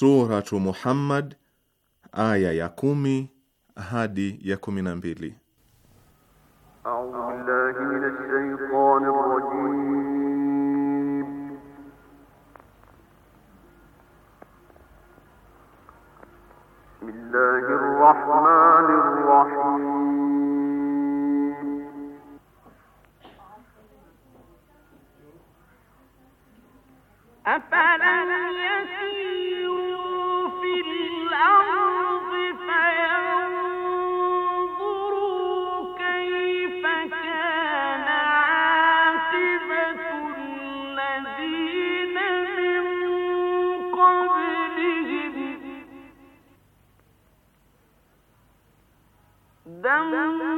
Suratu Muhammad aya ya kumi hadi ya kumi na mbili. أفلم يسير down,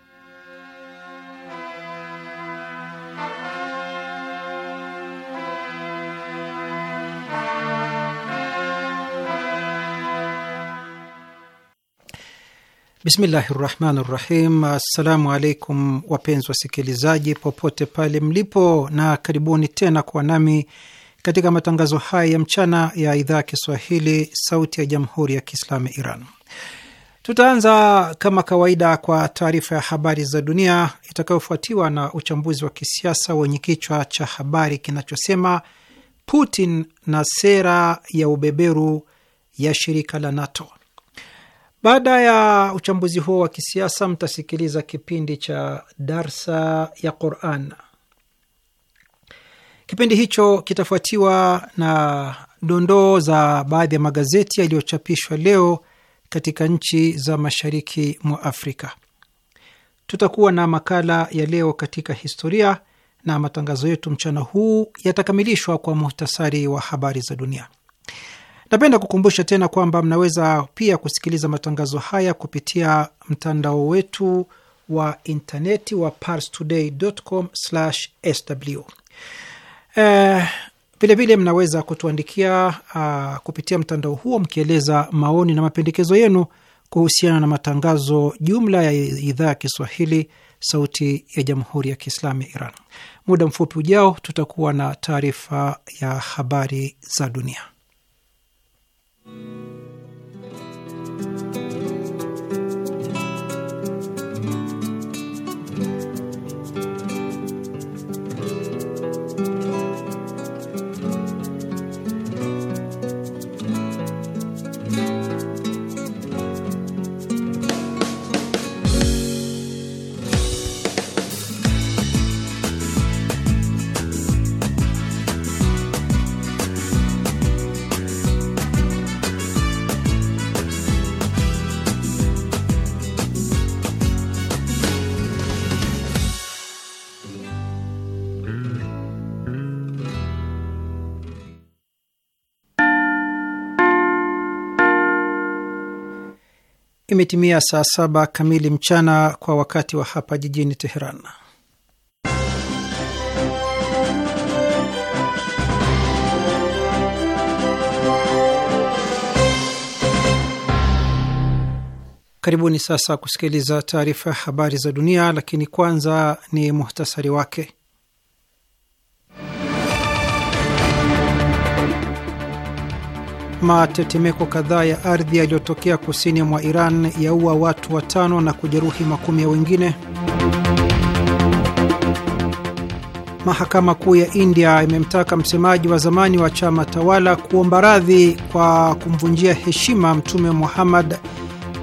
Bismillahi rahmani rahim. Assalamu alaikum wapenzi wasikilizaji popote pale mlipo, na karibuni tena kwa nami katika matangazo haya ya mchana ya idhaa ya Kiswahili sauti ya jamhuri ya Kiislamu ya Iran. Tutaanza kama kawaida kwa taarifa ya habari za dunia itakayofuatiwa na uchambuzi wa kisiasa wenye kichwa cha habari kinachosema Putin na sera ya ubeberu ya shirika la NATO. Baada ya uchambuzi huo wa kisiasa, mtasikiliza kipindi cha darsa ya Quran. Kipindi hicho kitafuatiwa na dondoo za baadhi ya magazeti yaliyochapishwa leo katika nchi za mashariki mwa Afrika. Tutakuwa na makala ya leo katika historia na matangazo yetu mchana huu yatakamilishwa kwa muhtasari wa habari za dunia. Napenda kukumbusha tena kwamba mnaweza pia kusikiliza matangazo haya kupitia mtandao wetu wa intaneti wa parstoday.com/sw. Eh, vilevile mnaweza kutuandikia uh, kupitia mtandao huo mkieleza maoni na mapendekezo yenu kuhusiana na matangazo jumla ya idhaa ya Kiswahili sauti ya Jamhuri ya Kiislamu ya Iran. Muda mfupi ujao tutakuwa na taarifa ya habari za dunia. Música Imetimia saa saba kamili mchana kwa wakati wa hapa jijini Teheran. Karibuni sasa kusikiliza taarifa ya habari za dunia, lakini kwanza ni muhtasari wake. Matetemeko kadhaa ya ardhi yaliyotokea kusini mwa Iran yaua watu watano na kujeruhi makumi ya wengine. Mahakama Kuu ya India imemtaka msemaji wa zamani wa chama tawala kuomba radhi kwa kumvunjia heshima Mtume Muhammad,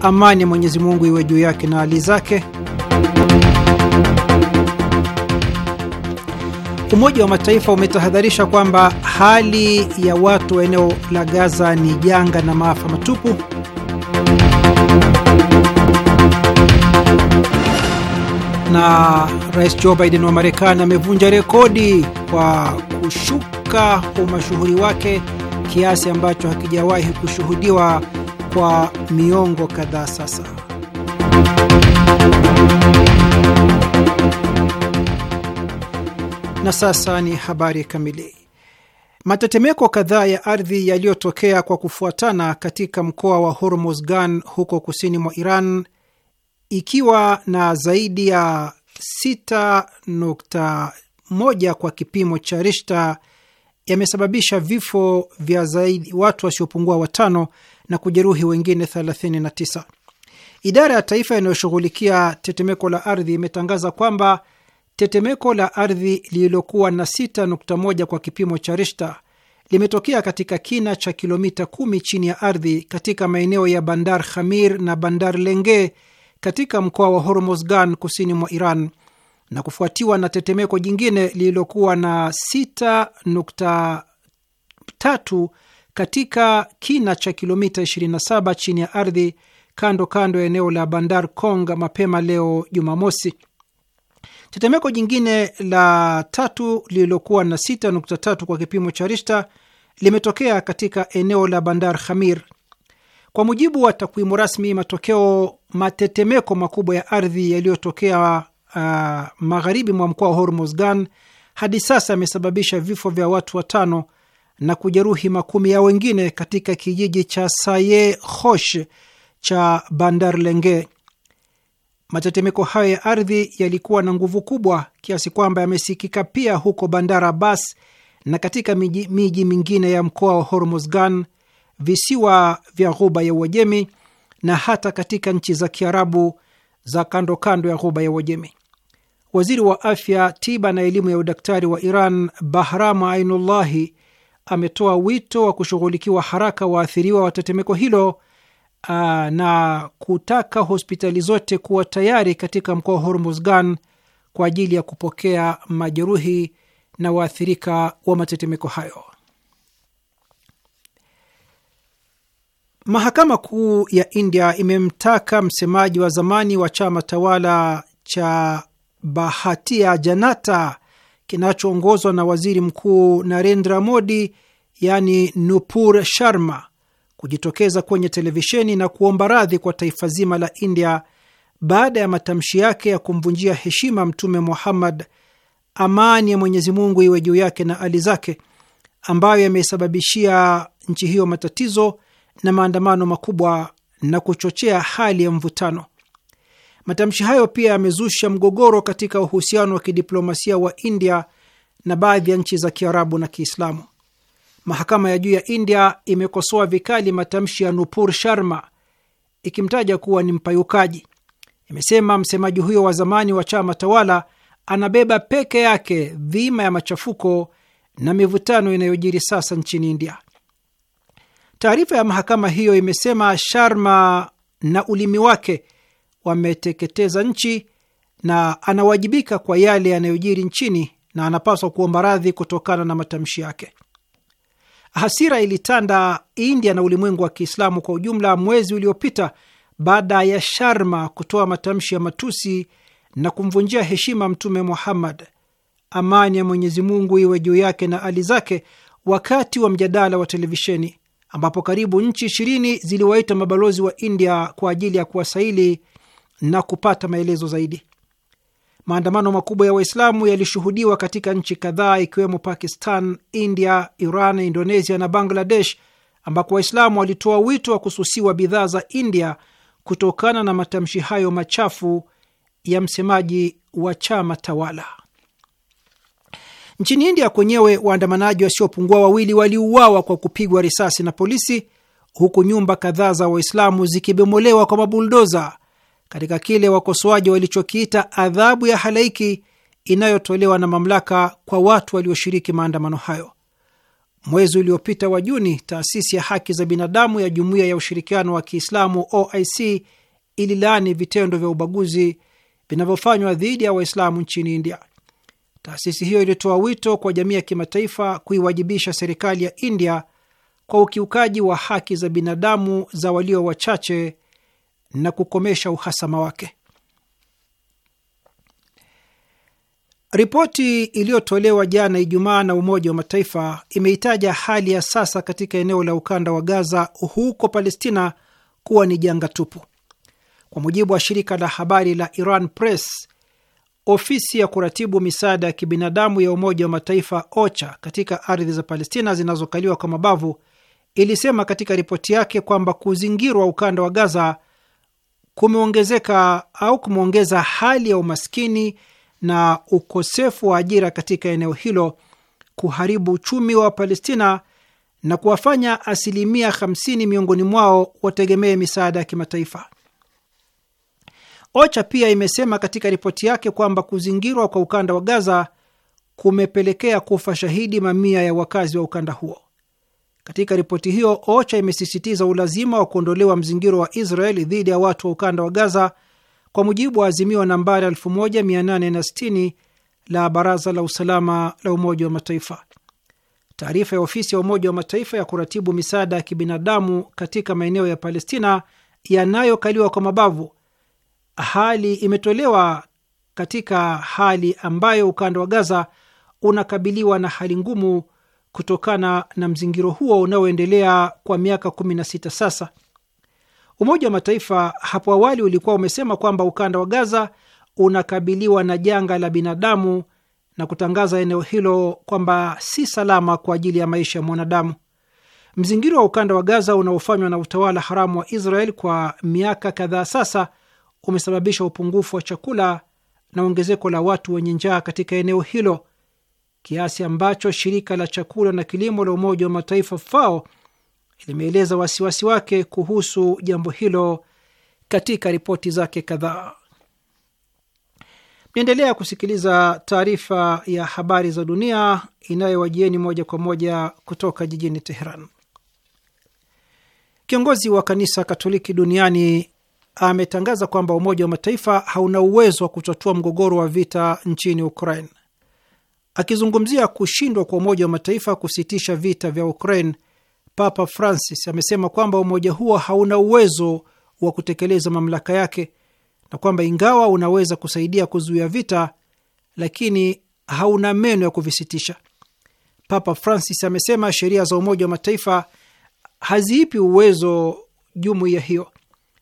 amani ya Mwenyezi Mungu iwe juu yake na hali zake. Umoja wa Mataifa umetahadharisha kwamba hali ya watu wa eneo la Gaza ni janga na maafa matupu. Na Rais Joe Biden wa Marekani amevunja rekodi kwa kushuka umashuhuri wake kiasi ambacho hakijawahi kushuhudiwa kwa miongo kadhaa sasa. Na sasa ni habari kamili. Matetemeko kadhaa ya ardhi yaliyotokea kwa kufuatana katika mkoa wa Hormozgan huko kusini mwa Iran, ikiwa na zaidi ya 6.1 kwa kipimo cha Rishta, yamesababisha vifo vya zaidi watu wasiopungua watano na kujeruhi wengine 39. Idara ya taifa inayoshughulikia tetemeko la ardhi imetangaza kwamba Tetemeko la ardhi lililokuwa na 6.1 kwa kipimo cha Rishta limetokea katika kina cha kilomita kumi chini ya ardhi katika maeneo ya Bandar Khamir na Bandar Lenge katika mkoa wa Hormozgan kusini mwa Iran na kufuatiwa na tetemeko jingine lililokuwa na 6.3 katika kina cha kilomita 27 chini ya ardhi kando kando ya eneo la Bandar Kong mapema leo Jumamosi. Tetemeko jingine la tatu lililokuwa na 6.3 kwa kipimo cha Richter limetokea katika eneo la Bandar Khamir. Kwa mujibu wa takwimu rasmi, matokeo matetemeko makubwa ya ardhi yaliyotokea uh, magharibi mwa mkoa wa Hormozgan hadi sasa yamesababisha vifo vya watu watano na kujeruhi makumi ya wengine katika kijiji cha Saye Hosh cha Bandar Lenge. Matetemeko hayo ya ardhi yalikuwa na nguvu kubwa kiasi kwamba yamesikika pia huko Bandar Abbas na katika miji, miji mingine ya mkoa wa Hormozgan, visiwa vya ghuba ya Uajemi na hata katika nchi za Kiarabu za kando kando ya ghuba ya Uajemi. Waziri wa afya, tiba na elimu ya udaktari wa Iran, Bahram Ainullahi, ametoa wito wa kushughulikiwa haraka waathiriwa wa tetemeko hilo Ah, na kutaka hospitali zote kuwa tayari katika mkoa wa Hormuzgan kwa ajili ya kupokea majeruhi na waathirika wa matetemeko hayo. Mahakama Kuu ya India imemtaka msemaji wa zamani wa chama tawala cha Bharatiya Janata kinachoongozwa na waziri mkuu Narendra Modi, yani Nupur Sharma, kujitokeza kwenye televisheni na kuomba radhi kwa taifa zima la India baada ya matamshi yake ya kumvunjia heshima Mtume Muhammad, amani ya Mwenyezi Mungu iwe juu yake na ali zake, ambayo yameisababishia nchi hiyo matatizo na maandamano makubwa na kuchochea hali ya mvutano. Matamshi hayo pia yamezusha mgogoro katika uhusiano wa kidiplomasia wa India na baadhi ya nchi za Kiarabu na Kiislamu. Mahakama ya juu ya India imekosoa vikali matamshi ya Nupur Sharma ikimtaja kuwa ni mpayukaji. Imesema msemaji huyo wa zamani wa chama tawala anabeba peke yake dhima ya machafuko na mivutano inayojiri sasa nchini India. Taarifa ya mahakama hiyo imesema Sharma na ulimi wake wameteketeza nchi na anawajibika kwa yale yanayojiri nchini na anapaswa kuomba radhi kutokana na matamshi yake. Hasira ilitanda India na ulimwengu wa Kiislamu kwa ujumla mwezi uliopita baada ya Sharma kutoa matamshi ya matusi na kumvunjia heshima Mtume Muhammad, amani ya Mwenyezi Mungu iwe juu yake na ali zake, wakati wa mjadala wa televisheni ambapo karibu nchi ishirini ziliwaita mabalozi wa India kwa ajili ya kuwasaili na kupata maelezo zaidi. Maandamano makubwa ya Waislamu yalishuhudiwa katika nchi kadhaa ikiwemo Pakistan, India, Iran, Indonesia na Bangladesh, ambako Waislamu walitoa wito wa kususiwa bidhaa za India kutokana na matamshi hayo machafu ya msemaji wa chama tawala. Nchini India kwenyewe, waandamanaji wasiopungua wawili waliuawa kwa kupigwa risasi na polisi, huku nyumba kadhaa za Waislamu zikibomolewa kwa mabuldoza katika kile wakosoaji walichokiita adhabu ya halaiki inayotolewa na mamlaka kwa watu walioshiriki maandamano hayo. Mwezi uliopita wa Juni, taasisi ya haki za binadamu ya Jumuiya ya Ushirikiano wa Kiislamu OIC ililaani vitendo vya ubaguzi vinavyofanywa dhidi ya Waislamu nchini India. Taasisi hiyo ilitoa wito kwa jamii ya kimataifa kuiwajibisha serikali ya India kwa ukiukaji wa haki za binadamu za walio wachache na kukomesha uhasama wake. Ripoti iliyotolewa jana Ijumaa na Umoja wa Mataifa imeitaja hali ya sasa katika eneo la ukanda wa Gaza huko Palestina kuwa ni janga tupu. Kwa mujibu wa shirika la habari la Iran Press, ofisi ya kuratibu misaada ya kibinadamu ya Umoja wa Mataifa OCHA katika ardhi za Palestina zinazokaliwa kwa mabavu ilisema katika ripoti yake kwamba kuzingirwa ukanda wa Gaza kumeongezeka au kumeongeza hali ya umaskini na ukosefu wa ajira katika eneo hilo, kuharibu uchumi wa Palestina na kuwafanya asilimia 50 miongoni mwao wategemee misaada ya kimataifa. OCHA pia imesema katika ripoti yake kwamba kuzingirwa kwa ukanda wa Gaza kumepelekea kufa shahidi mamia ya wakazi wa ukanda huo. Katika ripoti hiyo, OCHA imesisitiza ulazima wa kuondolewa mzingiro wa Israeli dhidi ya watu wa ukanda wa Gaza kwa mujibu wa azimio nambari 1860 la Baraza la Usalama la Umoja wa Mataifa. Taarifa ya ofisi ya Umoja wa Mataifa ya kuratibu misaada ya kibinadamu katika maeneo ya Palestina yanayokaliwa kwa mabavu, hali imetolewa katika hali ambayo ukanda wa Gaza unakabiliwa na hali ngumu kutokana na mzingiro huo unaoendelea kwa miaka 16 sasa. Umoja wa Mataifa hapo awali ulikuwa umesema kwamba ukanda wa Gaza unakabiliwa na janga la binadamu na kutangaza eneo hilo kwamba si salama kwa ajili ya maisha ya mwanadamu. Mzingiro wa ukanda wa Gaza unaofanywa na utawala haramu wa Israel kwa miaka kadhaa sasa umesababisha upungufu wa chakula na ongezeko la watu wenye njaa katika eneo hilo kiasi ambacho shirika la chakula na kilimo la Umoja wa Mataifa FAO limeeleza wasiwasi wake kuhusu jambo hilo katika ripoti zake kadhaa. Mnaendelea kusikiliza taarifa ya habari za dunia inayowajieni moja kwa moja kutoka jijini Teheran. Kiongozi wa kanisa Katoliki duniani ametangaza kwamba Umoja wa Mataifa hauna uwezo wa kutatua mgogoro wa vita nchini Ukraine. Akizungumzia kushindwa kwa Umoja wa Mataifa kusitisha vita vya Ukraine, Papa Francis amesema kwamba umoja huo hauna uwezo wa kutekeleza mamlaka yake na kwamba ingawa unaweza kusaidia kuzuia vita, lakini hauna meno ya kuvisitisha. Papa Francis amesema sheria za Umoja wa Mataifa haziipi uwezo jumuiya hiyo.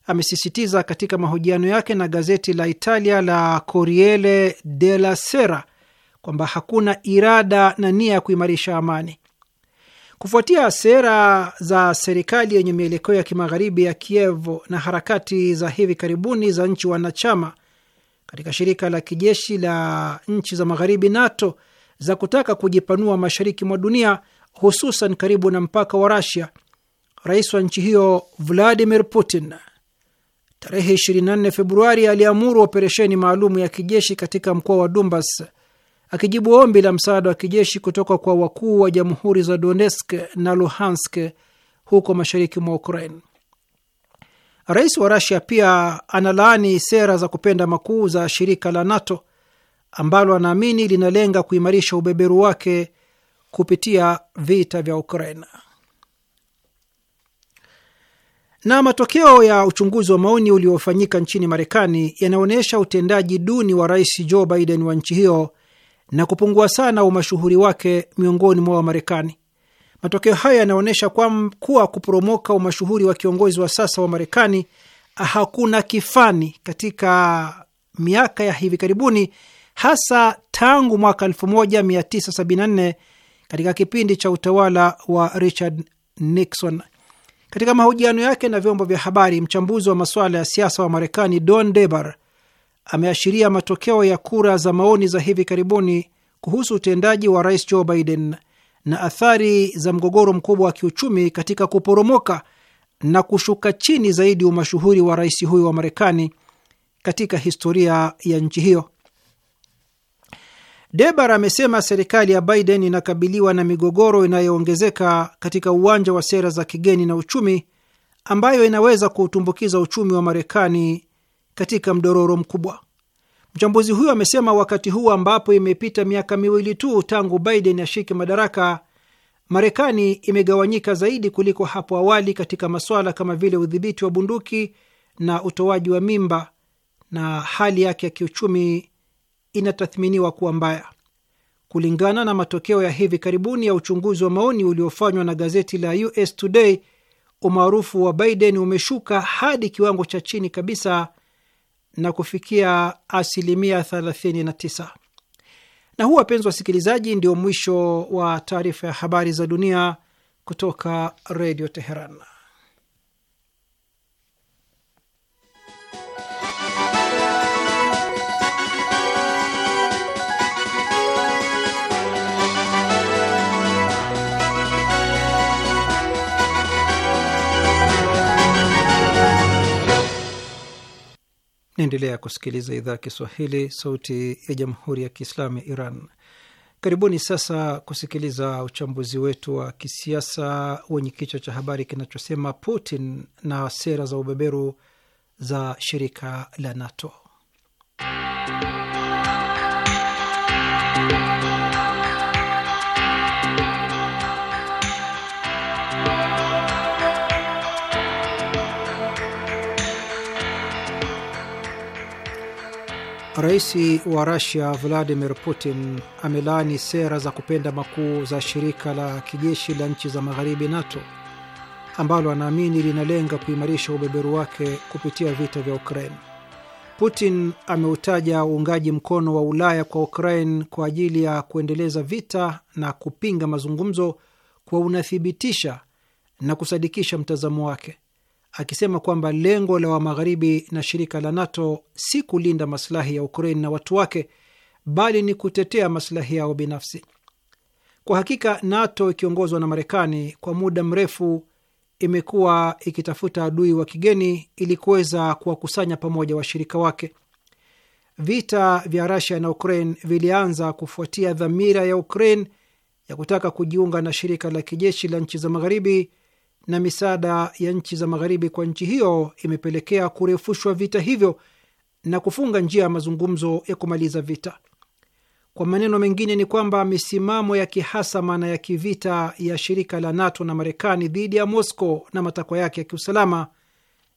Amesisitiza katika mahojiano yake na gazeti la Italia la Corriere della Sera kwamba hakuna irada na nia ya kuimarisha amani. Kufuatia sera za serikali yenye mielekeo ya kimagharibi ya Kiev na harakati za hivi karibuni za nchi wanachama katika shirika la kijeshi la nchi za magharibi NATO za kutaka kujipanua mashariki mwa dunia, hususan karibu na mpaka wa rusia rais wa nchi hiyo Vladimir Putin tarehe 24 Februari aliamuru operesheni maalum ya kijeshi katika mkoa wa Donbas Akijibu ombi la msaada wa kijeshi kutoka kwa wakuu wa jamhuri za Donetsk na Luhansk huko mashariki mwa Ukraine. Rais wa Rasia pia analaani sera za kupenda makuu za shirika la NATO ambalo anaamini linalenga kuimarisha ubeberu wake kupitia vita vya Ukraina. Na matokeo ya uchunguzi wa maoni uliofanyika nchini Marekani yanaonyesha utendaji duni wa Rais Joe Biden wa nchi hiyo na kupungua sana umashuhuri wake miongoni mwa Wamarekani. Matokeo haya yanaonyesha kuwa kuporomoka umashuhuri wa kiongozi wa sasa wa Marekani hakuna kifani katika miaka ya hivi karibuni, hasa tangu mwaka 1974 katika kipindi cha utawala wa Richard Nixon. Katika mahojiano yake na vyombo vya habari, mchambuzi wa masuala ya siasa wa Marekani Don Debar ameashiria matokeo ya kura za maoni za hivi karibuni kuhusu utendaji wa rais Joe Biden na athari za mgogoro mkubwa wa kiuchumi katika kuporomoka na kushuka chini zaidi umashuhuri wa rais huyo wa Marekani katika historia ya nchi hiyo. Debar amesema serikali ya Biden inakabiliwa na migogoro inayoongezeka katika uwanja wa sera za kigeni na uchumi ambayo inaweza kuutumbukiza uchumi wa Marekani katika mdororo mkubwa. Mchambuzi huyo amesema wakati huu ambapo imepita miaka miwili tu tangu Biden ashike madaraka, Marekani imegawanyika zaidi kuliko hapo awali katika masuala kama vile udhibiti wa bunduki na utoaji wa mimba, na hali yake ya kiuchumi inatathminiwa kuwa mbaya. Kulingana na matokeo ya hivi karibuni ya uchunguzi wa maoni uliofanywa na gazeti la US Today, umaarufu wa Biden umeshuka hadi kiwango cha chini kabisa na kufikia asilimia 39. Na huu, wapenzi wasikilizaji, ndio mwisho wa taarifa ya habari za dunia kutoka Redio Teheran. Naendelea kusikiliza idhaa ya Kiswahili, sauti ya jamhuri ya kiislamu ya Iran. Karibuni sasa kusikiliza uchambuzi wetu wa kisiasa wenye kichwa cha habari kinachosema Putin na sera za ubeberu za shirika la NATO. Rais wa Rusia Vladimir Putin amelaani sera za kupenda makuu za shirika la kijeshi la nchi za magharibi NATO ambalo anaamini linalenga kuimarisha ubeberu wake kupitia vita vya Ukraine. Putin ameutaja uungaji mkono wa Ulaya kwa Ukraine kwa ajili ya kuendeleza vita na kupinga mazungumzo kwa unathibitisha na kusadikisha mtazamo wake akisema kwamba lengo la Wamagharibi na shirika la NATO si kulinda masilahi ya Ukraine na watu wake, bali ni kutetea masilahi yao binafsi. Kwa hakika, NATO ikiongozwa na Marekani kwa muda mrefu imekuwa ikitafuta adui wa kigeni ili kuweza kuwakusanya pamoja washirika wake. Vita vya Rusia na Ukraine vilianza kufuatia dhamira ya Ukraine ya kutaka kujiunga na shirika la kijeshi la nchi za Magharibi na misaada ya nchi za magharibi kwa nchi hiyo imepelekea kurefushwa vita hivyo na kufunga njia ya mazungumzo ya kumaliza vita. Kwa maneno mengine, ni kwamba misimamo ya kihasama na ya kivita ya shirika la NATO na Marekani dhidi ya Moscow na matakwa yake ya kiusalama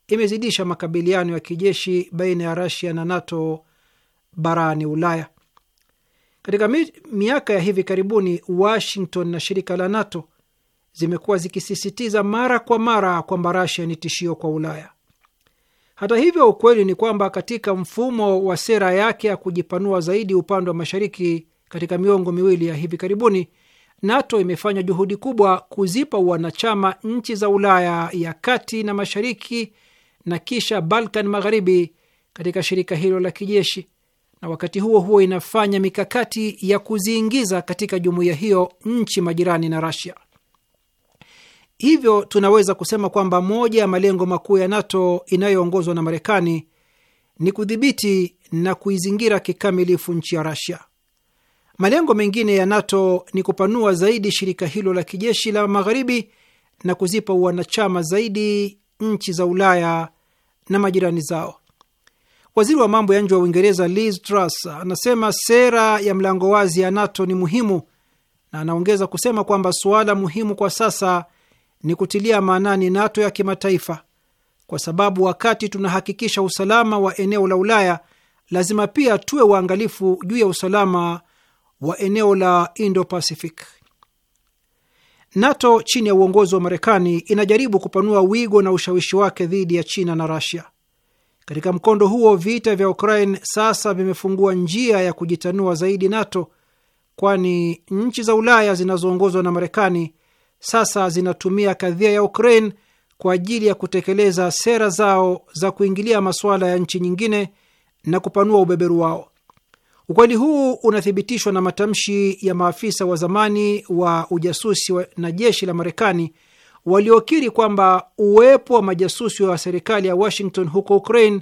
imezidisha makabiliano ya kijeshi baina ya rasia na NATO barani Ulaya. Katika miaka ya hivi karibuni, Washington na shirika la NATO zimekuwa zikisisitiza mara kwa mara kwamba Rasia ni tishio kwa Ulaya. Hata hivyo, ukweli ni kwamba katika mfumo wa sera yake ya kujipanua zaidi upande wa mashariki katika miongo miwili ya hivi karibuni, NATO imefanya juhudi kubwa kuzipa wanachama nchi za Ulaya ya kati na mashariki na kisha Balkan magharibi katika shirika hilo la kijeshi, na wakati huo huo inafanya mikakati ya kuziingiza katika jumuiya hiyo nchi majirani na Rasia. Hivyo tunaweza kusema kwamba moja ya malengo makuu ya NATO inayoongozwa na Marekani ni kudhibiti na kuizingira kikamilifu nchi ya Rasia. Malengo mengine ya NATO ni kupanua zaidi shirika hilo la kijeshi la Magharibi na kuzipa wanachama zaidi nchi za Ulaya na majirani zao. Waziri wa mambo ya nje wa Uingereza Liz Truss anasema sera ya mlango wazi ya NATO ni muhimu, na anaongeza kusema kwamba suala muhimu kwa sasa ni kutilia maanani NATO ya kimataifa, kwa sababu wakati tunahakikisha usalama wa eneo la Ulaya, lazima pia tuwe waangalifu juu ya usalama wa eneo la Indo-Pacific. NATO chini ya uongozi wa Marekani inajaribu kupanua wigo na ushawishi wake dhidi ya China na rasia Katika mkondo huo, vita vya Ukraine sasa vimefungua njia ya kujitanua zaidi NATO, kwani nchi za Ulaya zinazoongozwa na Marekani sasa zinatumia kadhia ya Ukraine kwa ajili ya kutekeleza sera zao za kuingilia masuala ya nchi nyingine na kupanua ubeberu wao. Ukweli huu unathibitishwa na matamshi ya maafisa wa zamani wa ujasusi wa na jeshi la Marekani waliokiri kwamba uwepo wa majasusi wa serikali ya Washington huko Ukraine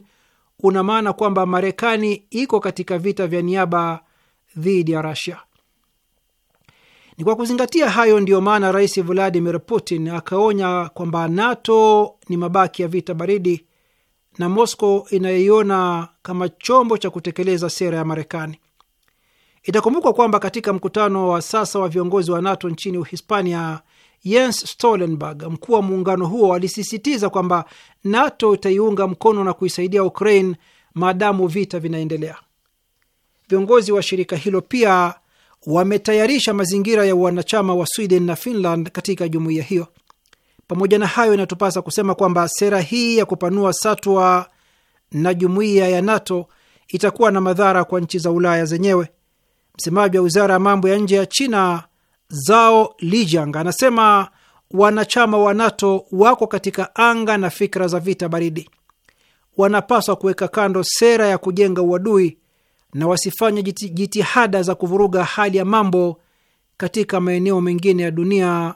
una maana kwamba Marekani iko katika vita vya niaba dhidi ya Russia. Ni kwa kuzingatia hayo ndiyo maana Rais Vladimir Putin akaonya kwamba NATO ni mabaki ya vita baridi na Moscow inayoiona kama chombo cha kutekeleza sera ya Marekani. Itakumbukwa kwamba katika mkutano wa sasa wa viongozi wa NATO nchini Uhispania, Jens Stoltenberg, mkuu wa muungano huo, alisisitiza kwamba NATO itaiunga mkono na kuisaidia Ukraine maadamu vita vinaendelea. Viongozi wa shirika hilo pia wametayarisha mazingira ya wanachama wa Sweden na Finland katika jumuiya hiyo. Pamoja na hayo, inatupasa kusema kwamba sera hii ya kupanua satwa na jumuiya ya NATO itakuwa na madhara kwa nchi za Ulaya zenyewe. Msemaji wa wizara ya mambo ya nje ya China Zao Lijiang anasema wanachama wa NATO wako katika anga na fikra za vita baridi, wanapaswa kuweka kando sera ya kujenga uadui na wasifanye jitihada za kuvuruga hali ya mambo katika maeneo mengine ya dunia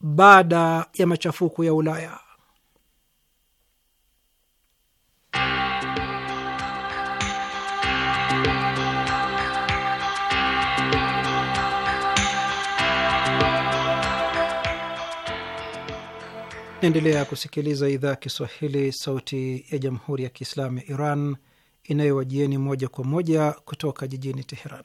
baada ya machafuko ya Ulaya. Naendelea kusikiliza idhaa ya Kiswahili, sauti ya jamhuri ya kiislamu ya Iran inayowajieni moja kwa moja kutoka jijini Teheran.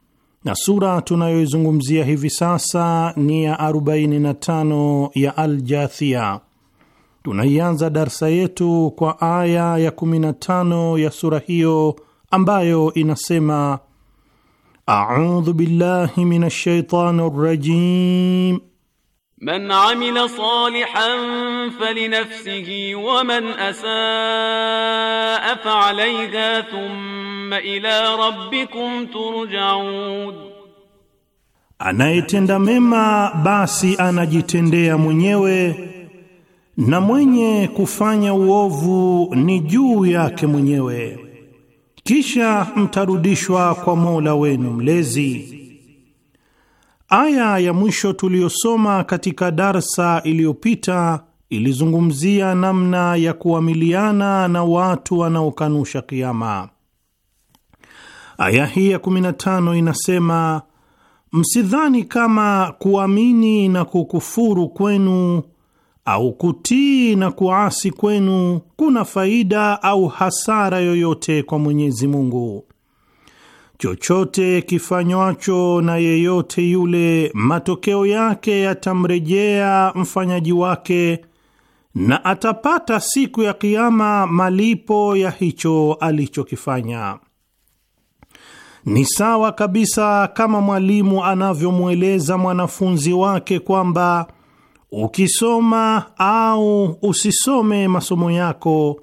na sura tunayoizungumzia hivi sasa ni ya 45 ya Aljathia. Tunaianza darsa yetu kwa aya ya 15 ya sura hiyo ambayo inasema: audhu billahi minash shaitani rajim Man amila salihan falinafsihi wa man asaa faalayha thumma ila rabbikum turjaun, anayetenda mema basi anajitendea mwenyewe na mwenye kufanya uovu ni juu yake mwenyewe, kisha mtarudishwa kwa Mola wenu mlezi. Aya ya mwisho tuliyosoma katika darsa iliyopita ilizungumzia namna ya kuamiliana na watu wanaokanusha kiama. Aya hii ya 15 inasema, msidhani kama kuamini na kukufuru kwenu au kutii na kuasi kwenu kuna faida au hasara yoyote kwa Mwenyezi Mungu chochote kifanywacho na yeyote yule, matokeo yake yatamrejea mfanyaji wake na atapata siku ya Kiama malipo ya hicho alichokifanya. Ni sawa kabisa kama mwalimu anavyomweleza mwanafunzi wake kwamba ukisoma au usisome masomo yako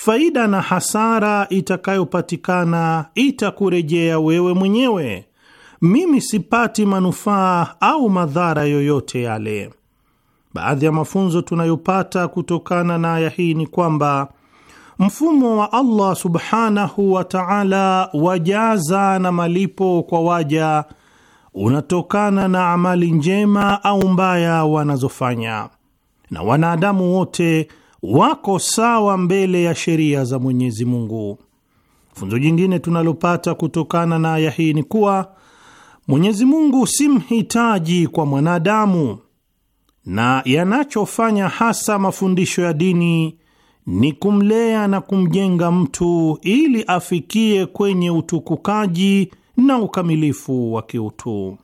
faida na hasara itakayopatikana itakurejea wewe mwenyewe. Mimi sipati manufaa au madhara yoyote yale. Baadhi ya mafunzo tunayopata kutokana na aya hii ni kwamba mfumo wa Allah subhanahu wa ta'ala wajaza na malipo kwa waja unatokana na amali njema au mbaya wanazofanya, na wanadamu wote wako sawa mbele ya sheria za Mwenyezi Mungu. Funzo jingine tunalopata kutokana na aya hii ni kuwa Mwenyezi Mungu si mhitaji kwa mwanadamu, na yanachofanya hasa mafundisho ya dini ni kumlea na kumjenga mtu ili afikie kwenye utukukaji na ukamilifu wa kiutu.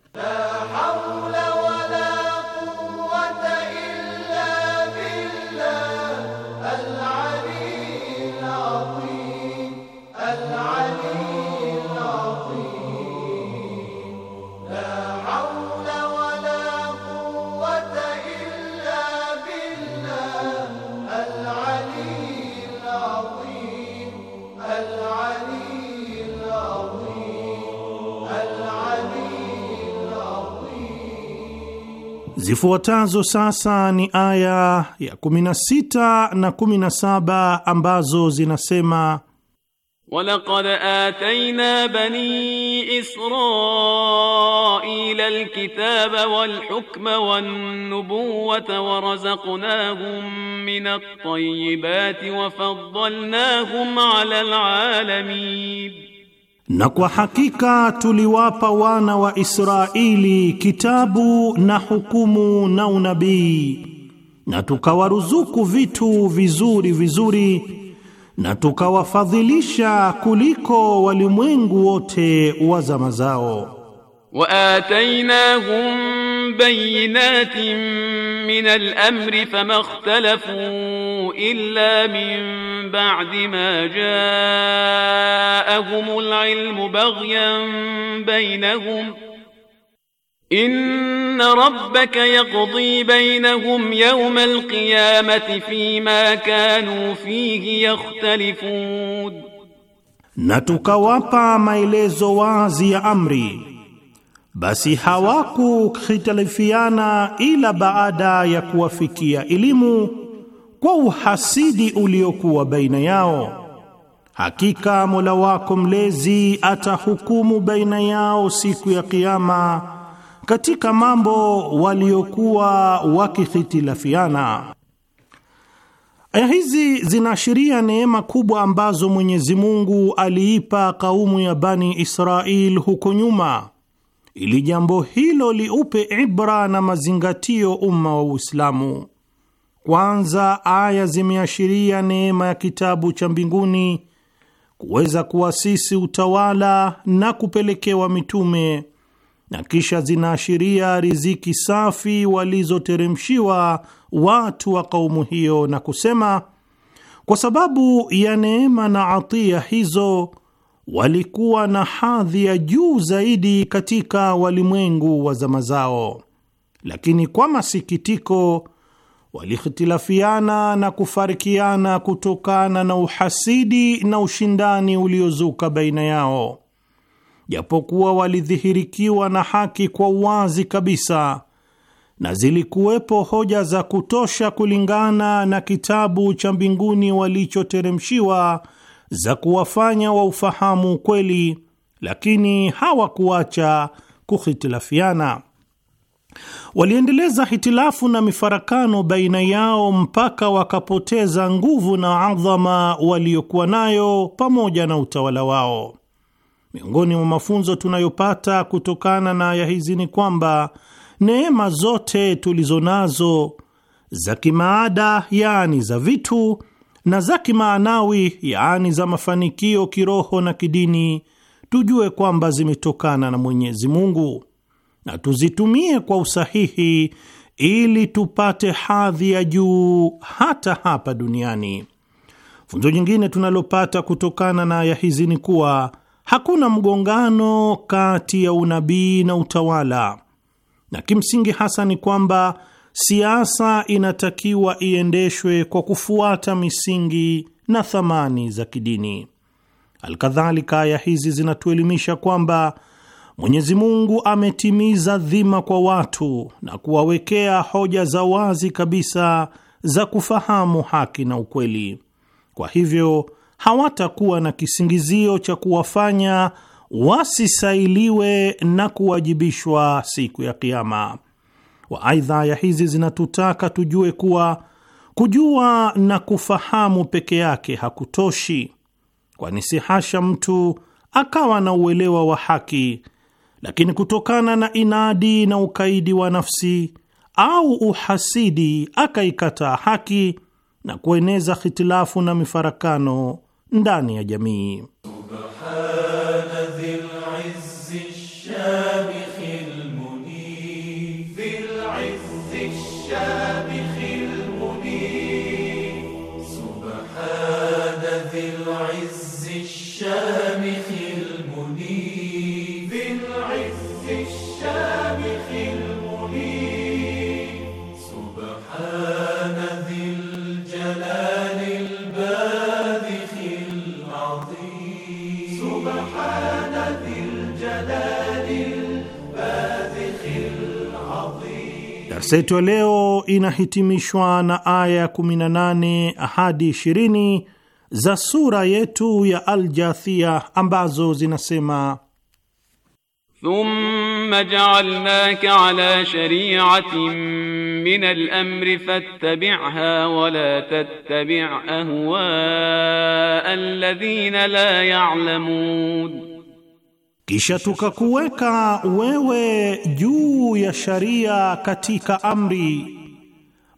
Zifuatazo sasa ni aya ya 16 na 17 ambazo zinasema Walaqad atayna bani Israila alkitaba walhukma wannubuwata warazaqnahum min at-tayyibati wafaddalnahum ala alalamin na kwa hakika tuliwapa wana wa Israeli kitabu na hukumu na unabii, na tukawaruzuku vitu vizuri vizuri, na tukawafadhilisha kuliko walimwengu wote wa zama zao. wa atainahum bayinatin من الأمر فما اختلفوا إلا من بعد ما جاءهم العلم بغيا بينهم إن ربك يقضي بينهم يوم القيامة فيما كانوا فيه يختلفون نتوكا tukawapa maelezo wazi ya Basi hawakuhitalifiana ila baada ya kuwafikia elimu kwa uhasidi uliokuwa baina yao. Hakika Mola wako mlezi atahukumu baina yao siku ya Kiyama katika mambo waliokuwa wakihitilafiana. Aya hizi zinaashiria neema kubwa ambazo Mwenyezi Mungu aliipa kaumu ya Bani Israil huko nyuma ili jambo hilo liupe ibra na mazingatio umma wa Uislamu. Kwanza, aya zimeashiria neema ya kitabu cha mbinguni kuweza kuasisi utawala na kupelekewa mitume, na kisha zinaashiria riziki safi walizoteremshiwa watu wa kaumu hiyo, na kusema kwa sababu ya neema na atia hizo walikuwa na hadhi ya juu zaidi katika walimwengu wa zama zao, lakini kwa masikitiko walihitilafiana na kufarikiana kutokana na uhasidi na ushindani uliozuka baina yao. Japokuwa walidhihirikiwa na haki kwa uwazi kabisa na zilikuwepo hoja za kutosha kulingana na kitabu cha mbinguni walichoteremshiwa za kuwafanya wa ufahamu ukweli, lakini hawakuacha kuhitilafiana. Waliendeleza hitilafu na mifarakano baina yao mpaka wakapoteza nguvu na adhama waliokuwa nayo pamoja na utawala wao. Miongoni mwa mafunzo tunayopata kutokana na aya hizi ni kwamba neema zote tulizo nazo za kimaada, yaani za vitu na za kimaanawi, yaani za mafanikio kiroho na kidini, tujue kwamba zimetokana na Mwenyezi Mungu na tuzitumie kwa usahihi ili tupate hadhi ya juu hata hapa duniani. Funzo jingine tunalopata kutokana na aya hizi ni kuwa hakuna mgongano kati ya unabii na utawala, na kimsingi hasa ni kwamba siasa inatakiwa iendeshwe kwa kufuata misingi na thamani za kidini. Alkadhalika, aya hizi zinatuelimisha kwamba Mwenyezi Mungu ametimiza dhima kwa watu na kuwawekea hoja za wazi kabisa za kufahamu haki na ukweli. Kwa hivyo hawatakuwa na kisingizio cha kuwafanya wasisailiwe na kuwajibishwa siku ya Kiama. Aidha, ya hizi zinatutaka tujue kuwa kujua na kufahamu peke yake hakutoshi, kwani si hasha mtu akawa na uelewa wa haki, lakini kutokana na inadi na ukaidi wa nafsi au uhasidi akaikataa haki na kueneza hitilafu na mifarakano ndani ya jamii Subhan Darsa yetu ya leo inahitimishwa na aya ya 18 hadi 20 za sura yetu ya Aljathia ambazo zinasema: thumma ja'alnaka ala shari'atin min al-amri fattabi'ha wa la tattabi' ahwa alladhina la ya'lamun Kisha tukakuweka wewe juu ya sharia katika amri,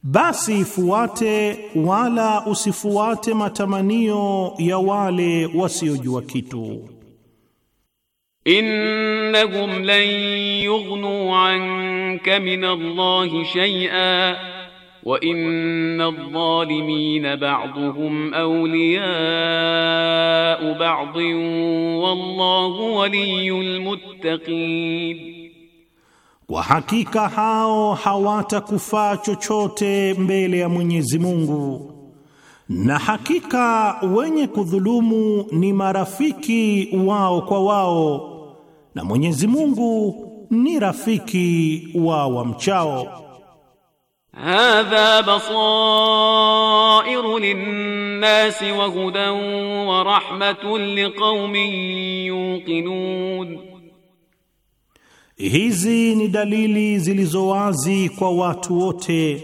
basi ifuate, wala usifuate matamanio ya wale wasiojua kitu. Innahum lan yughnu anka min Allahi shay'a wa inna adh-dhalimina ba'dhum awliya'u ba'd wallahu waliyyul muttaqin, kwa hakika hao hawatakufaa chochote mbele ya Mwenyezi Mungu na hakika wenye kudhulumu ni marafiki wao kwa wao, na Mwenyezi Mungu ni rafiki wao wamchao hadha basairu linnasi wa hudan wa rahmatun liqaumin yuqinun, hizi ni dalili zilizo wazi kwa watu wote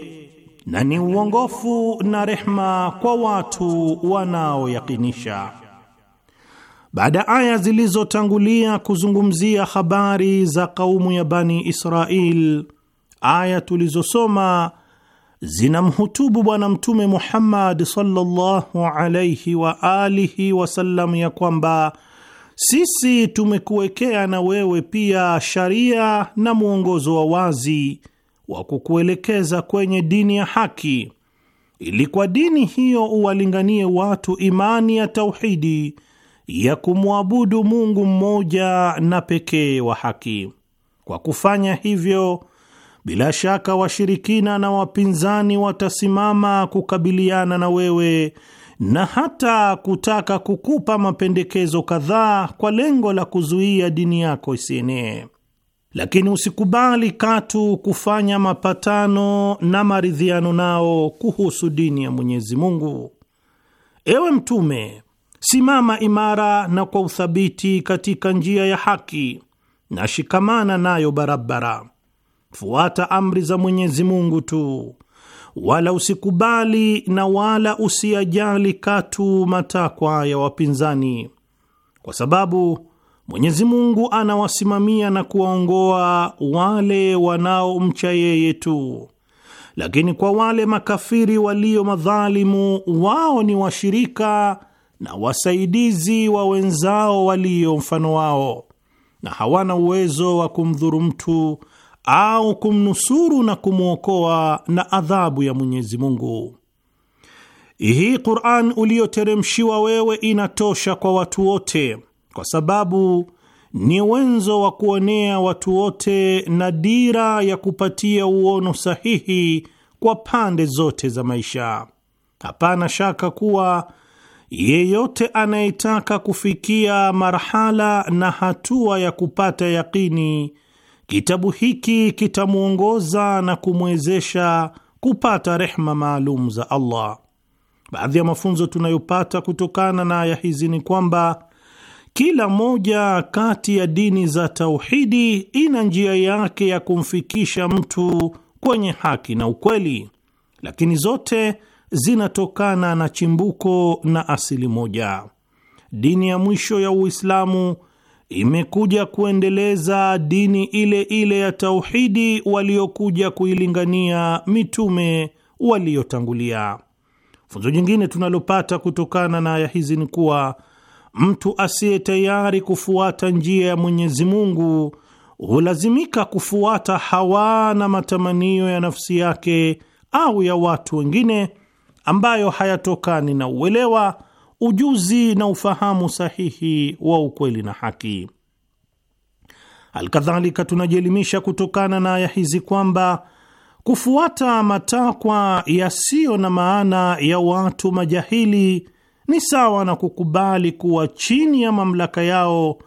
na ni uongofu na rehma kwa watu wanaoyakinisha. Baada aya zilizotangulia kuzungumzia habari za kaumu ya Bani Israil, aya tulizosoma zinamhutubu Bwana Mtume Muhammad sallallahu alaihi wa alihi wasallam ya kwamba sisi tumekuwekea na wewe pia sharia na mwongozo wa wazi wa kukuelekeza kwenye dini ya haki, ili kwa dini hiyo uwalinganie watu imani ya tauhidi ya kumwabudu Mungu mmoja na pekee wa haki. Kwa kufanya hivyo bila shaka washirikina na wapinzani watasimama kukabiliana na wewe na hata kutaka kukupa mapendekezo kadhaa kwa lengo la kuzuia dini yako isienee, lakini usikubali katu kufanya mapatano na maridhiano nao kuhusu dini ya Mwenyezi Mungu. Ewe Mtume, simama imara na kwa uthabiti katika njia ya haki na shikamana nayo barabara Fuata amri za Mwenyezi Mungu tu, wala usikubali na wala usiyajali katu matakwa ya wapinzani, kwa sababu Mwenyezi Mungu anawasimamia na kuwaongoa wale wanaomcha yeye tu. Lakini kwa wale makafiri walio madhalimu, wao ni washirika na wasaidizi wa wenzao walio mfano wao, na hawana uwezo wa kumdhuru mtu au kumnusuru na kumwokoa na adhabu ya Mwenyezi Mungu. Hii Qur'an uliyoteremshiwa wewe inatosha kwa watu wote, kwa sababu ni wenzo wa kuonea watu wote na dira ya kupatia uono sahihi kwa pande zote za maisha. Hapana shaka kuwa yeyote anayetaka kufikia marhala na hatua ya kupata yakini Kitabu hiki kitamwongoza na kumwezesha kupata rehma maalum za Allah. Baadhi ya mafunzo tunayopata kutokana na aya hizi ni kwamba kila moja kati ya dini za tauhidi ina njia yake ya kumfikisha mtu kwenye haki na ukweli, lakini zote zinatokana na chimbuko na asili moja. Dini ya mwisho ya Uislamu imekuja kuendeleza dini ile ile ya tauhidi waliokuja kuilingania mitume waliotangulia. Funzo jingine tunalopata kutokana na aya hizi ni kuwa mtu asiye tayari kufuata njia ya Mwenyezi Mungu hulazimika kufuata hawa na matamanio ya nafsi yake au ya watu wengine ambayo hayatokani na uelewa ujuzi na ufahamu sahihi wa ukweli na haki. Alkadhalika, tunajielimisha kutokana na aya hizi kwamba kufuata matakwa yasiyo na maana ya watu majahili ni sawa na kukubali kuwa chini ya mamlaka yao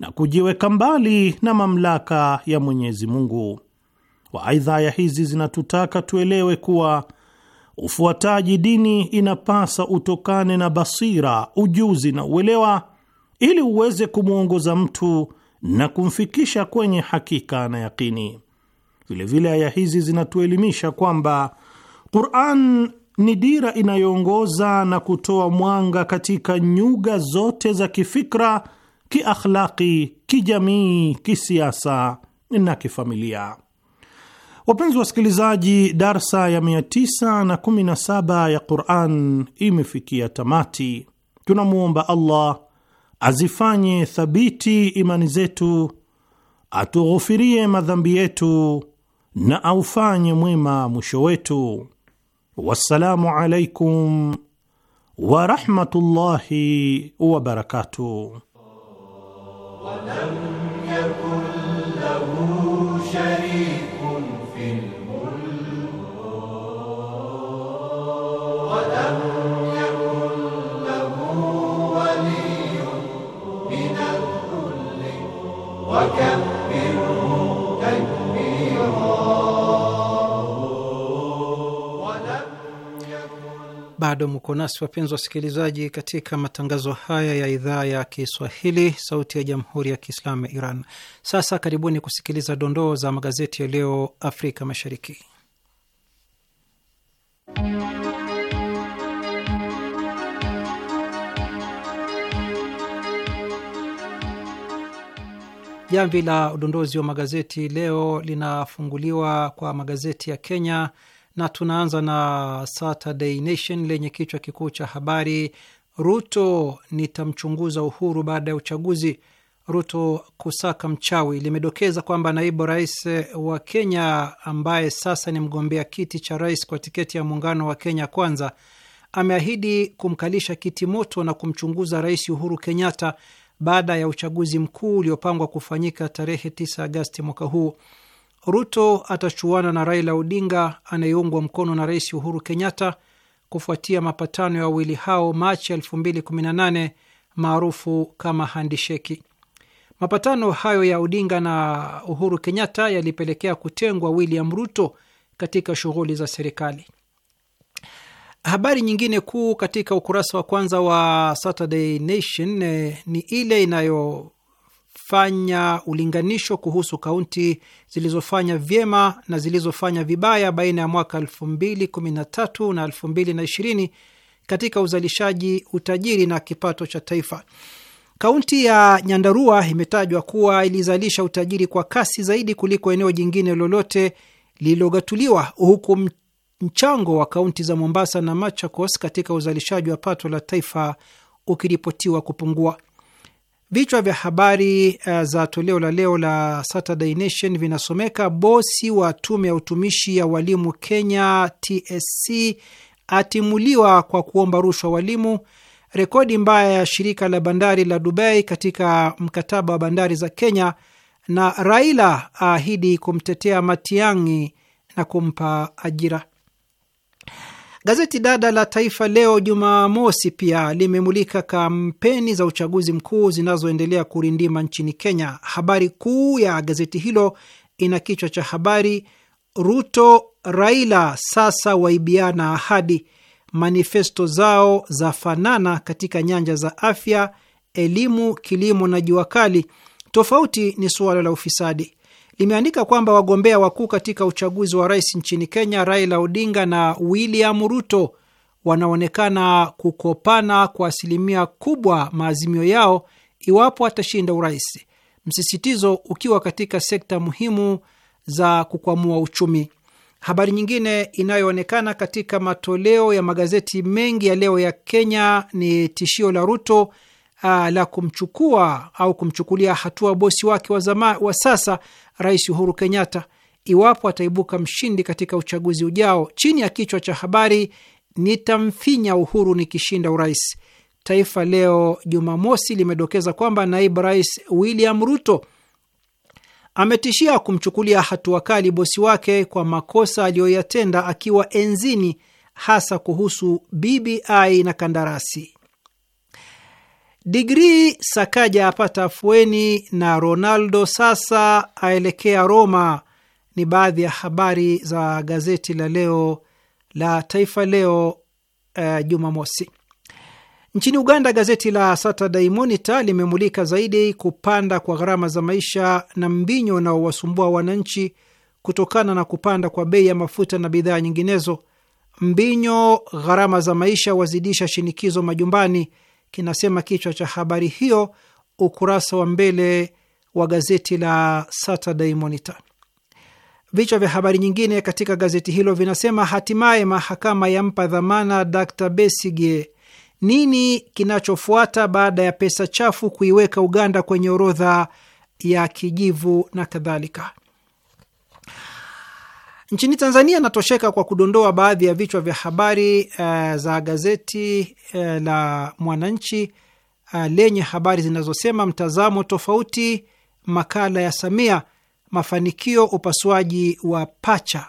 na kujiweka mbali na mamlaka ya Mwenyezi Mungu. Waaidha, aya hizi zinatutaka tuelewe kuwa Ufuataji dini inapasa utokane na basira, ujuzi na uelewa, ili uweze kumwongoza mtu na kumfikisha kwenye hakika na yakini. Vilevile aya hizi zinatuelimisha kwamba Quran ni dira inayoongoza na kutoa mwanga katika nyuga zote za kifikra, kiakhlaki, kijamii, kisiasa na kifamilia. Wapenzi wasikilizaji, darsa ya 917 ya Quran imefikia tamati. Tunamwomba Allah azifanye thabiti imani zetu, atughufirie madhambi yetu na aufanye mwema mwisho wetu. Wassalamu alaikum warahmatullahi wabarakatuh. Bado mko nasi wapenzi wasikilizaji, katika matangazo haya ya idhaa ya Kiswahili, Sauti ya Jamhuri ya Kiislamu ya Iran. Sasa karibuni kusikiliza dondoo za magazeti ya leo Afrika Mashariki. Jamvi la udondozi wa magazeti leo linafunguliwa kwa magazeti ya Kenya na tunaanza na Saturday Nation lenye kichwa kikuu cha habari, Ruto nitamchunguza Uhuru baada ya uchaguzi, Ruto kusaka mchawi. Limedokeza kwamba naibu rais wa Kenya ambaye sasa ni mgombea kiti cha rais kwa tiketi ya muungano wa Kenya Kwanza ameahidi kumkalisha kiti moto na kumchunguza Rais Uhuru Kenyatta baada ya uchaguzi mkuu uliopangwa kufanyika tarehe 9 Agasti mwaka huu. Ruto atachuana na Raila Odinga anayeungwa mkono na Rais Uhuru Kenyatta kufuatia mapatano ya wawili hao Machi 2018 maarufu kama handisheki. Mapatano hayo ya Odinga na Uhuru Kenyatta yalipelekea kutengwa William Ruto katika shughuli za serikali. Habari nyingine kuu katika ukurasa wa kwanza wa Saturday Nation eh, ni ile inayofanya ulinganisho kuhusu kaunti zilizofanya vyema na zilizofanya vibaya baina ya mwaka 2013 na 2020 katika uzalishaji, utajiri na kipato cha taifa. Kaunti ya Nyandarua imetajwa kuwa ilizalisha utajiri kwa kasi zaidi kuliko eneo jingine lolote lililogatuliwa, huku mchango wa kaunti za Mombasa na Machakos katika uzalishaji wa pato la taifa ukiripotiwa kupungua. Vichwa vya habari uh, za toleo la leo la Saturday Nation vinasomeka: bosi wa tume ya utumishi ya walimu Kenya TSC atimuliwa kwa kuomba rushwa walimu; rekodi mbaya ya shirika la bandari la Dubai katika mkataba wa bandari za Kenya; na Raila aahidi kumtetea Matiang'i na kumpa ajira. Gazeti dada la Taifa Leo Jumamosi pia limemulika kampeni za uchaguzi mkuu zinazoendelea kurindima nchini Kenya. Habari kuu ya gazeti hilo ina kichwa cha habari Ruto Raila sasa waibiana ahadi, manifesto zao za fanana katika nyanja za afya, elimu, kilimo na jua kali. Tofauti ni suala la ufisadi limeandika kwamba wagombea wakuu katika uchaguzi wa rais nchini Kenya, Raila Odinga na William Ruto, wanaonekana kukopana kwa asilimia kubwa maazimio yao iwapo atashinda urais, msisitizo ukiwa katika sekta muhimu za kukwamua uchumi. Habari nyingine inayoonekana katika matoleo ya magazeti mengi ya leo ya Kenya ni tishio la Ruto Ah, la kumchukua au kumchukulia hatua bosi wake wa zama, wa sasa Rais Uhuru Kenyatta iwapo ataibuka mshindi katika uchaguzi ujao chini ya kichwa cha habari nitamfinya Uhuru nikishinda urais. Taifa Leo Jumamosi limedokeza kwamba naibu rais William Ruto ametishia kumchukulia hatua kali bosi wake kwa makosa aliyoyatenda akiwa enzini, hasa kuhusu BBI na kandarasi. Digrii Sakaja apata afueni na Ronaldo sasa aelekea Roma, ni baadhi ya habari za gazeti la leo la Taifa Leo uh, Jumamosi. Nchini Uganda, gazeti la Saturday Monitor limemulika zaidi kupanda kwa gharama za maisha na mbinyo unaowasumbua wananchi kutokana na kupanda kwa bei ya mafuta na bidhaa nyinginezo. Mbinyo gharama za maisha wazidisha shinikizo majumbani kinasema kichwa cha habari hiyo, ukurasa wa mbele wa gazeti la Saturday Monitor. Vichwa vya habari nyingine katika gazeti hilo vinasema: hatimaye mahakama yampa dhamana Dr Besige, nini kinachofuata baada ya pesa chafu kuiweka Uganda kwenye orodha ya kijivu na kadhalika. Nchini Tanzania natosheka kwa kudondoa baadhi ya vichwa vya habari uh, za gazeti uh, la Mwananchi uh, lenye habari zinazosema mtazamo tofauti, makala ya Samia, mafanikio upasuaji wa pacha,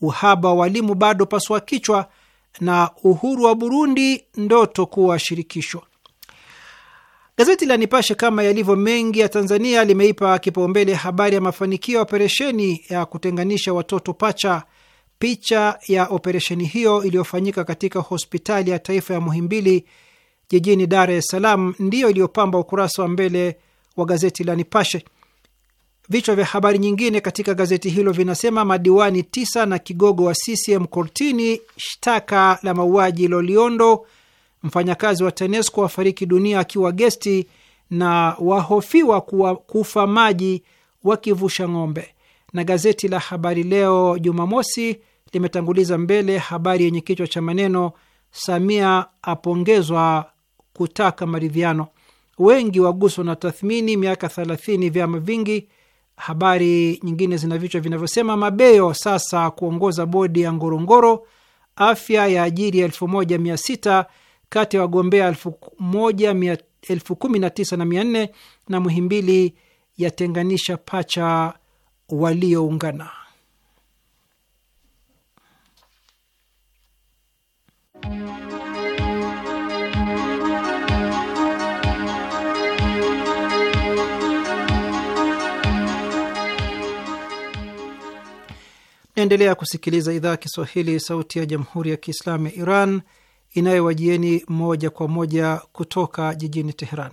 uhaba wa walimu bado pasua kichwa, na uhuru wa Burundi ndoto kuwa shirikisho. Gazeti la Nipashe, kama yalivyo mengi ya Tanzania, limeipa kipaumbele habari ya mafanikio ya operesheni ya kutenganisha watoto pacha. Picha ya operesheni hiyo iliyofanyika katika hospitali ya taifa ya Muhimbili jijini Dar es Salaam ndiyo iliyopamba ukurasa wa mbele wa gazeti la Nipashe. Vichwa vya habari nyingine katika gazeti hilo vinasema madiwani tisa na kigogo wa CCM kortini, shtaka la mauaji Loliondo, mfanyakazi wa TANESCO afariki dunia akiwa gesti na wahofiwa kuwa kufa maji wakivusha ng'ombe. Na gazeti la Habari Leo Jumamosi limetanguliza mbele habari yenye kichwa cha maneno Samia apongezwa kutaka maridhiano, wengi waguswa na tathmini miaka thelathini vyama vingi. Habari nyingine zina vichwa vinavyosema Mabeyo sasa kuongoza bodi ya Ngorongoro, afya ya ajiri elfu moja mia sita kati ya wagombea elfu moja elfu kumi na tisa na mia nne na Muhimbili yatenganisha pacha walioungana. Naendelea kusikiliza idhaa ya Kiswahili, sauti ya jamhuri ya kiislamu ya Iran inayowajieni moja kwa moja kutoka jijini Teheran.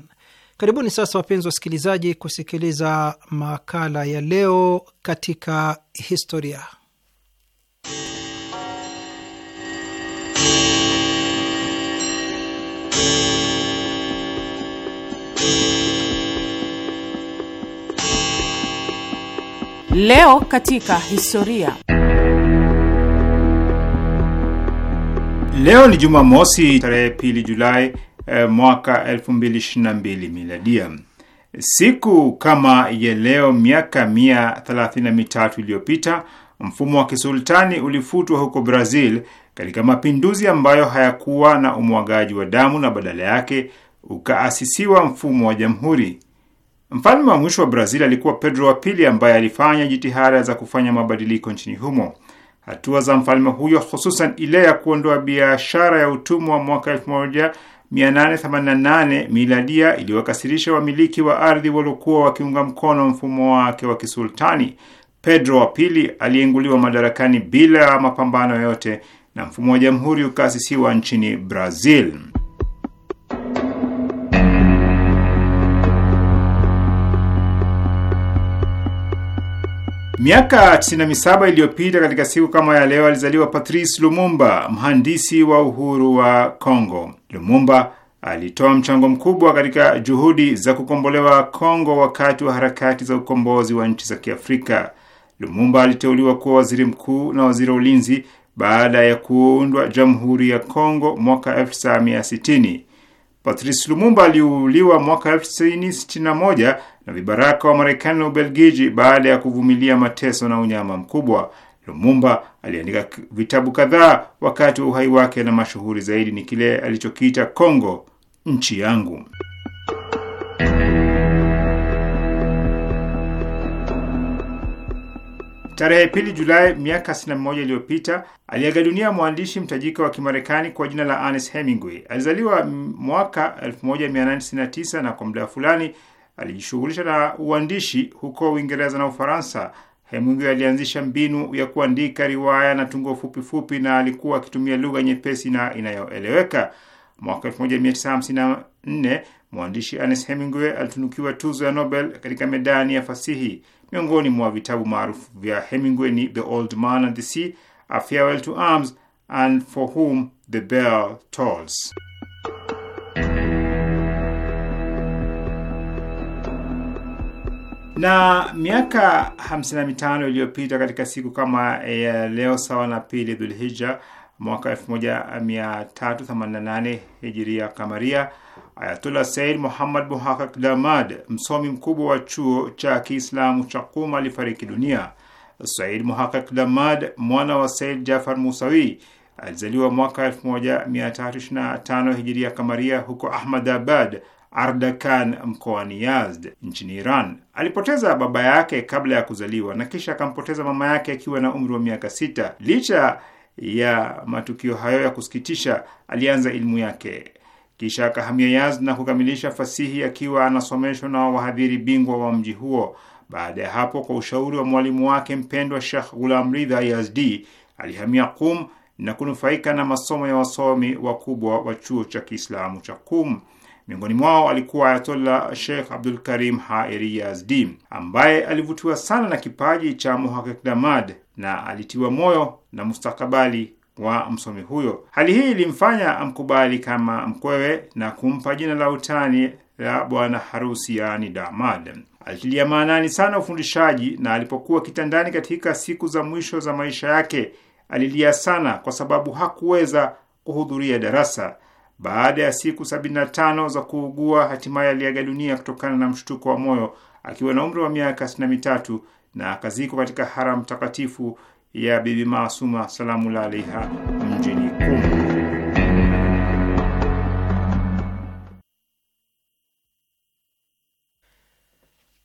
Karibuni sasa wapenzi wasikilizaji, kusikiliza makala ya leo katika historia. Leo katika historia. Leo ni Jumamosi tarehe pili Julai eh, mwaka 2022 miladia. Siku kama ya leo miaka mia thelathini na mitatu iliyopita mfumo wa kisultani ulifutwa huko Brazil katika mapinduzi ambayo hayakuwa na umwagaji wa damu na badala yake ukaasisiwa mfumo wa jamhuri. Mfalme wa mwisho wa Brazil alikuwa Pedro wa Pili, ambaye alifanya jitihada za kufanya mabadiliko nchini humo. Hatua za mfalme huyo, hususan ile ya kuondoa biashara ya utumwa mwaka 1888 miladia, iliwakasirisha wamiliki wa ardhi waliokuwa wakiunga mkono mfumo wake wa kisultani. Pedro wa pili aliyeinguliwa madarakani bila mapambano yote na mfumo wa jamhuri ukaasisiwa nchini Brazil. Miaka 97 iliyopita katika siku kama ya leo alizaliwa Patrice Lumumba, mhandisi wa uhuru wa Kongo. Lumumba alitoa mchango mkubwa katika juhudi za kukombolewa Kongo wakati wa harakati za ukombozi wa nchi za Kiafrika. Lumumba aliteuliwa kuwa waziri mkuu na waziri wa ulinzi baada ya kuundwa Jamhuri ya Kongo mwaka 1960. Patrice Lumumba aliuliwa mwaka 1961 na vibaraka wa Marekani na Ubelgiji baada ya kuvumilia mateso na unyama mkubwa. Lumumba aliandika vitabu kadhaa wakati wa uhai wake na mashuhuri zaidi ni kile alichokiita Kongo, nchi yangu. Tarehe pili Julai miaka 61 iliyopita aliaga dunia mwandishi mtajika wa Kimarekani kwa jina la Ernest Hemingway. Alizaliwa mwaka 1899 na kwa muda fulani alijishughulisha na uandishi huko Uingereza na Ufaransa. Hemingway alianzisha mbinu ya kuandika riwaya na tungo fupifupi na alikuwa akitumia lugha nyepesi na inayoeleweka. Mwaka 1954 mwandishi Ernest Hemingway alitunukiwa tuzo ya Nobel katika medani ya fasihi. Miongoni mwa vitabu maarufu vya Hemingway ni The Old Man and the Sea, A Farewell to Arms and For Whom the Bell Tolls. na miaka 55 iliyopita katika siku kama ya leo, sawa na pili Dhulhija mwaka 1388 hijiria kamaria, Ayatullah Said Muhammad Muhakak Damad, msomi mkubwa wa chuo cha Kiislamu cha Qum, alifariki dunia. Said Muhakak Damad, mwana wa Said Jafar Musawi, alizaliwa mwaka 1325 hijiria kamaria huko Ahmadabad, Ardakan mkoani Yazd nchini Iran. Alipoteza baba yake kabla ya kuzaliwa na kisha akampoteza mama yake akiwa na umri wa miaka sita. Licha ya matukio hayo ya kusikitisha, alianza elimu yake kisha akahamia Yaz na kukamilisha fasihi akiwa anasomeshwa na wahadhiri bingwa wa mji huo. Baada ya hapo, kwa ushauri wa mwalimu wake mpendwa Shekh Ghulam Ridha Yazdi, alihamia Qum na kunufaika na masomo ya wasomi wakubwa wa chuo cha Kiislamu cha Qum. Miongoni mwao alikuwa Ayatollah Sheikh Abdul Karim Haeri Yazdi, ambaye alivutiwa sana na kipaji cha Muhakik Damad na alitiwa moyo na mustakabali wa msomi huyo. Hali hii ilimfanya amkubali kama mkwewe na kumpa jina la utani la bwana harusi, yaani damad. Alitilia maanani sana ufundishaji, na alipokuwa kitandani katika siku za mwisho za maisha yake alilia sana, kwa sababu hakuweza kuhudhuria darasa. Baada ya siku sabini na tano za kuugua, hatimaye aliaga dunia kutokana na mshtuko wa moyo akiwa na umri wa miaka sitini mitatu na akazikwa katika haram takatifu ya Bibi Maasuma salamullah alaiha mjini Kum.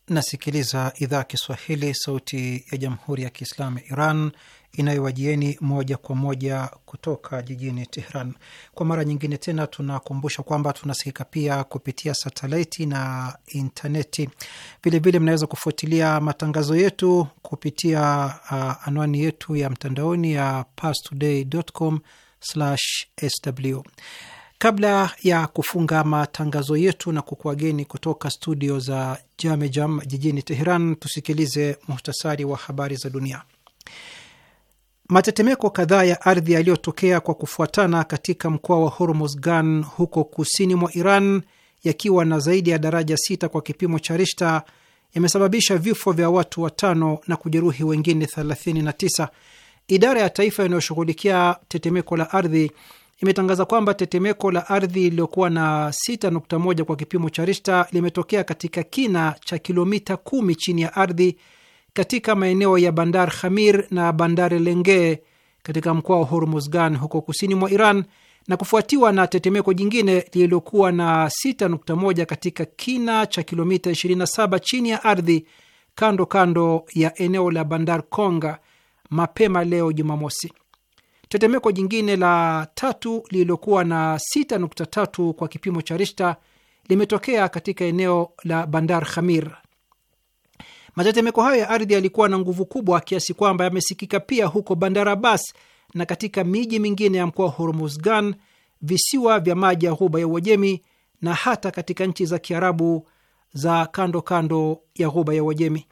Nasikiliza idhaa Kiswahili, sauti ya jamhuri ya kiislamu ya Iran inayowajieni moja kwa moja kutoka jijini Tehran. Kwa mara nyingine tena tunakumbusha kwamba tunasikika pia kupitia satelaiti na intaneti. Vilevile mnaweza kufuatilia matangazo yetu kupitia uh, anwani yetu ya mtandaoni ya pastodaycom sw Kabla ya kufunga matangazo yetu na kukuageni kutoka studio za Jamejam jijini Teheran, tusikilize muhtasari wa habari za dunia. Matetemeko kadhaa ya ardhi yaliyotokea kwa kufuatana katika mkoa wa Hormozgan huko kusini mwa Iran yakiwa na zaidi ya daraja sita kwa kipimo cha Rishta yamesababisha vifo vya watu watano na kujeruhi wengine 39. Idara ya taifa inayoshughulikia tetemeko la ardhi imetangaza kwamba tetemeko la ardhi lililokuwa na 6.1 kwa kipimo cha Rishta limetokea katika kina cha kilomita kumi chini ya ardhi katika maeneo ya Bandar Khamir na Bandar lenge katika mkoa wa Hormuzgan huko kusini mwa Iran na kufuatiwa na tetemeko jingine lililokuwa na 6.1 katika kina cha kilomita 27 chini ya ardhi kando kando ya eneo la Bandar Konga mapema leo Jumamosi. Tetemeko jingine la tatu lililokuwa na 6.3 kwa kipimo cha Rishta limetokea katika eneo la Bandar Khamir. Matetemeko hayo ya ardhi yalikuwa na nguvu kubwa kiasi kwamba yamesikika pia huko Bandar Abbas na katika miji mingine ya mkoa wa Hormuzgan, visiwa vya maji ya ghuba ya Uajemi na hata katika nchi za Kiarabu za kando kando ya ghuba ya Uajemi.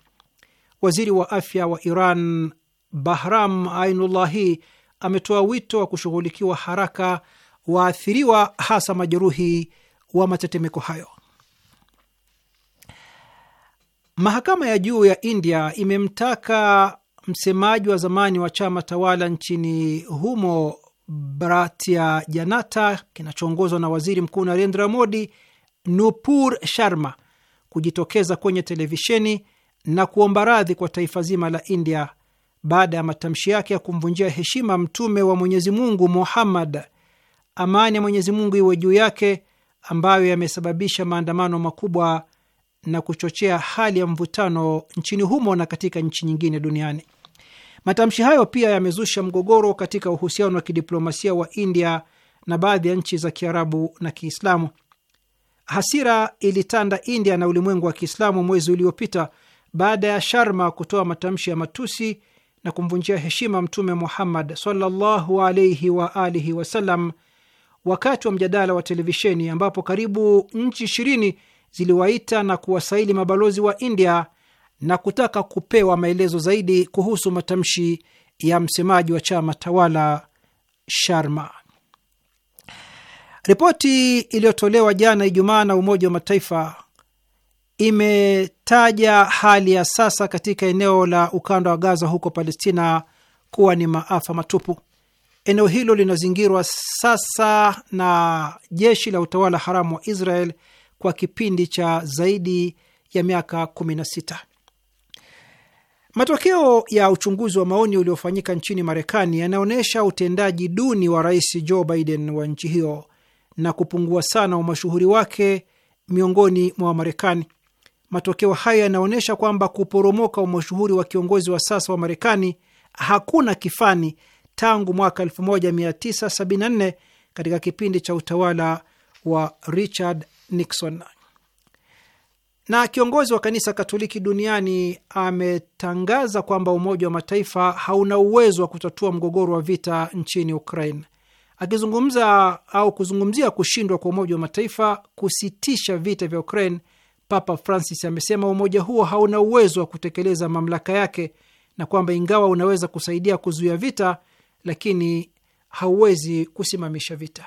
Waziri wa afya wa Iran Bahram Ainullahi ametoa wito wa kushughulikiwa haraka waathiriwa, hasa majeruhi wa matetemeko hayo. Mahakama ya juu ya India imemtaka msemaji wa zamani wa chama tawala nchini humo Bharatiya Janata kinachoongozwa na waziri mkuu Narendra Modi, Nupur Sharma, kujitokeza kwenye televisheni na kuomba radhi kwa taifa zima la India baada ya matamshi yake ya kumvunjia heshima Mtume wa Mwenyezi Mungu Muhammad, amani ya Mwenyezi Mungu iwe juu yake, ambayo yamesababisha maandamano makubwa na kuchochea hali ya mvutano nchini humo na katika nchi nyingine duniani. Matamshi hayo pia yamezusha mgogoro katika uhusiano wa kidiplomasia wa India na baadhi ya nchi za Kiarabu na Kiislamu. Hasira ilitanda India na ulimwengu wa Kiislamu mwezi uliopita baada ya Sharma kutoa matamshi ya matusi na kumvunjia heshima Mtume Muhammad sallallahu alaihi wa alihi wasallam wakati wa mjadala wa televisheni ambapo karibu nchi ishirini ziliwaita na kuwasaili mabalozi wa India na kutaka kupewa maelezo zaidi kuhusu matamshi ya msemaji wa chama tawala Sharma. Ripoti iliyotolewa jana Ijumaa na Umoja wa Mataifa imetaja hali ya sasa katika eneo la ukanda wa Gaza huko Palestina kuwa ni maafa matupu. Eneo hilo linazingirwa sasa na jeshi la utawala haramu wa Israel kwa kipindi cha zaidi ya miaka 16. Matokeo ya uchunguzi wa maoni uliofanyika nchini Marekani yanaonyesha utendaji duni wa Rais Joe Biden wa nchi hiyo na kupungua sana umashuhuri wake miongoni mwa Wamarekani. Matokeo haya yanaonyesha kwamba kuporomoka umashuhuri wa kiongozi wa sasa wa Marekani hakuna kifani tangu mwaka 1974 katika kipindi cha utawala wa Richard Nixon. Na kiongozi wa kanisa Katoliki duniani ametangaza kwamba Umoja wa Mataifa hauna uwezo wa kutatua mgogoro wa vita nchini Ukraine. Akizungumza au kuzungumzia kushindwa kwa Umoja wa Mataifa kusitisha vita vya Ukraine, Papa Francis amesema umoja huo hauna uwezo wa kutekeleza mamlaka yake na kwamba ingawa unaweza kusaidia kuzuia vita, lakini hauwezi kusimamisha vita.